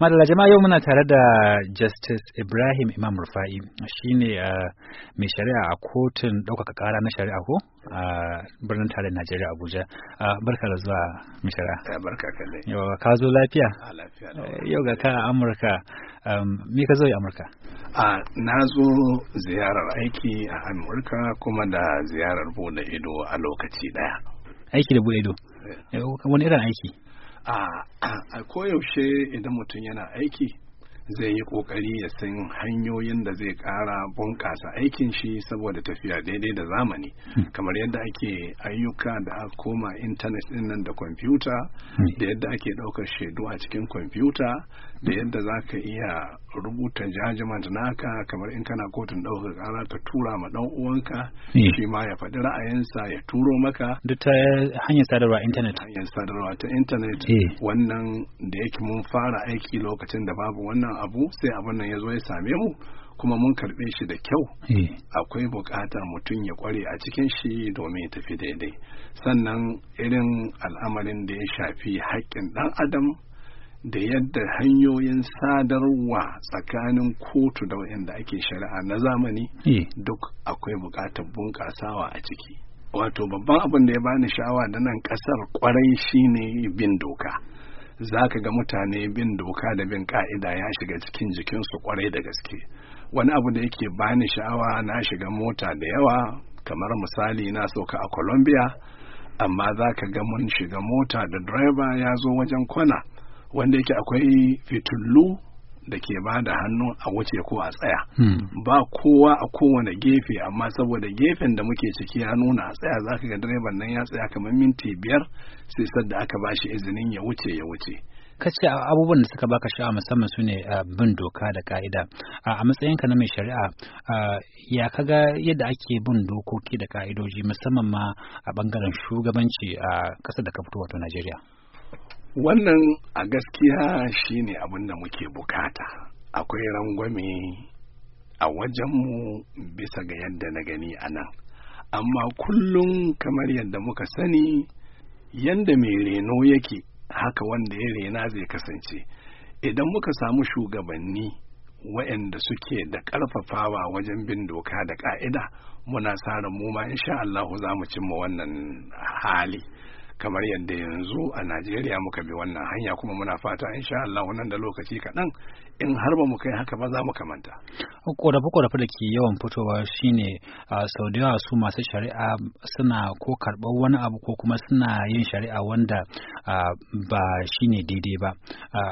Madalla jama'a yau muna tare da Justice Ibrahim Imam Rufa'i shine uh, mai shari'a a kotun ɗaukaka ƙara na shari'a ko a birnin tarayyar Najeriya Abuja. Barka da zuwa mai shari'a. Barka kalle. Yau ka zo lafiya? Lafiya. Eh, yau ga ka a Amurka. Um, me ka zo yi Amurka? A na zo ziyarar aiki a Amurka kuma da ziyarar bude ido a lokaci ɗaya. Aiki da bude ido? Eh. Wani irin aiki? a koyaushe idan mutum yana aiki zai yi kokari ya san hanyoyin da zai kara bunƙasa aikin shi saboda tafiya daidai da zamani hmm. kamar yadda ake ayyuka da a koma intanet din nan da kwamfuta hmm. da yadda ake ɗaukar shaidu a cikin kwamfuta da yadda za ka iya rubuta judgment naka kamar in kana kotun ɗaukar ƙara ka tura ma ɗan uwanka hmm. shi ma ya faɗi ra'ayinsa ya turo maka duk ta hanyar sadarwa intanet hanyar sadarwa ta intanet eh. wannan da yake mun fara aiki lokacin da babu wannan abu sai abin nan ya zo ya same mu kuma mun karɓe shi da kyau eh. akwai buƙatar mutum ya ƙware a cikin shi domin ya tafi daidai sannan irin al'amarin da ya shafi haƙƙin ɗan adam da yadda hanyoyin sadarwa tsakanin kotu da wayanda ake shari'a na zamani eh. duk akwai bukatar bunƙasawa a ciki wato babban abin da ya bani shawa da nan ƙasar kwarai shine bin doka za ka ga mutane bin doka da bin ka'ida ya shiga cikin jikinsu kwarai da gaske wani abu da yake bani shawa na shiga mota da yawa kamar misali na sauka a colombia amma za ka ga mun shiga mota da direba ya zo wajen kwana wanda yake akwai fitullu da ke ba da hannu a wuce ko a tsaya hmm. ba kowa a kowane gefe amma saboda gefen da muke ciki ya nuna a tsaya za ka ga direban nan ya tsaya kamar minti biyar sai sadda aka ba shi izinin ya wuce ya wuce kace abubuwan da suka baka sha'a musamman su ne bin doka da ka'ida a matsayinka na mai shari'a ya kaga yadda ake bin dokoki da ka'idoji musamman ma a bangaren shugabanci a ƙasar da ka fito wato Najeriya wannan a gaskiya shine abin da muke bukata akwai rangwame a wajenmu bisa ga yadda na gani a nan amma kullum kamar yadda muka sani yadda mai reno yake haka wanda ya rena zai kasance idan muka samu shugabanni waɗanda suke da ƙarfafawa wajen bin doka da ƙa'ida muna sa mu ma insha Allah za mu cimma wannan hali kamar yadda yanzu a Najeriya muka bi wannan hanya kuma muna fata insha Allah nan da lokaci kaɗan in har ba mu kai haka ba za mu kamanta. Korafe-korafe da ke yawan fitowa shine sau da yawa su masu shari'a suna ko karɓar wani abu ko kuma suna yin shari'a wanda ba shine daidai ba.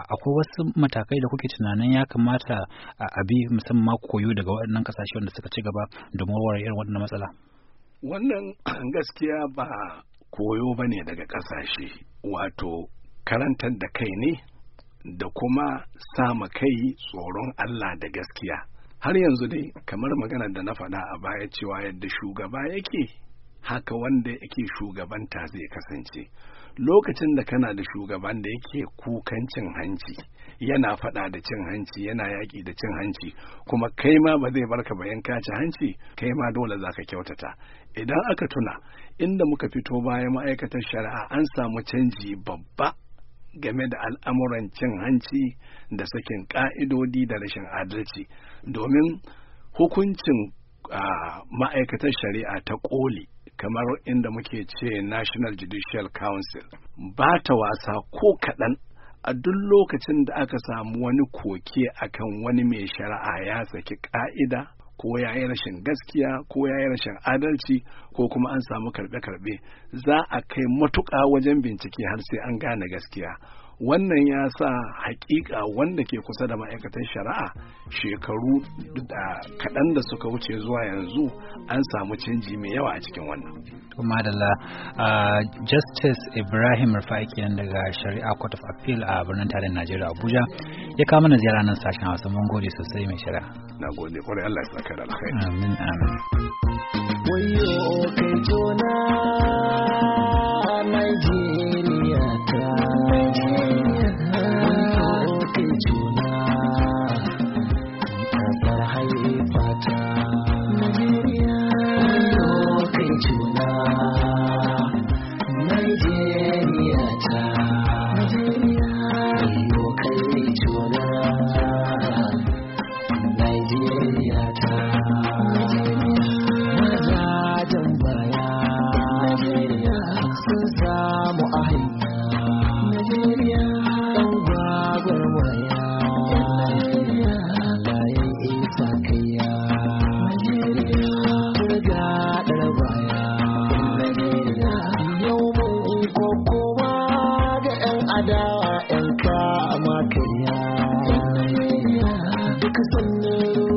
Akwai wasu matakai da kuke tunanin ya kamata a bi musamman koyo daga waɗannan ƙasashe wanda suka ci gaba domin warware irin waɗannan matsala. Wannan gaskiya ba koyo ba ne daga ƙasashe wato karantar da kai ne da kuma sama kai tsoron Allah da gaskiya har yanzu dai kamar magana da na faɗa a baya cewa yadda shugaba yake haka wanda yake shugabanta zai kasance lokacin da kana da shugaban da yake kukan cin hanci yana faɗa da cin hanci yana yaƙi da cin hanci kuma kai ma ba zai barka ba ka ci hanci kai ma dole za ka kyautata idan aka tuna inda muka fito bayan ma'aikatar shari'a an samu canji babba game da al'amuran cin hanci da sakin ƙa'idodi da rashin adalci domin hukuncin ah, ma'aikatar shari'a ta ƙoli kamar inda muke ce National Judicial Council ba ta wasa ko kaɗan a duk lokacin da aka samu wani koke akan wani mai shari'a ya saki ƙa'ida ko ya yi rashin gaskiya ko ya yi rashin adalci ko kuma an samu karɓe-karɓe za a kai matuƙa wajen bincike har sai an gane gaskiya wannan ya sa hakika wanda ke kusa da ma'aikatan shari'a shekaru da kaɗan da suka wuce zuwa yanzu an samu canji mai yawa a cikin wannan. madalla uh, justice ibrahim rufai kenan daga shari'a court of appeal a birnin tarihin najeriya abuja ya kama na ziyara nan sashen hausa mun gode sosai mai shari'a na gode kwarai allah ya saka da alkhairi amin amin 海里。new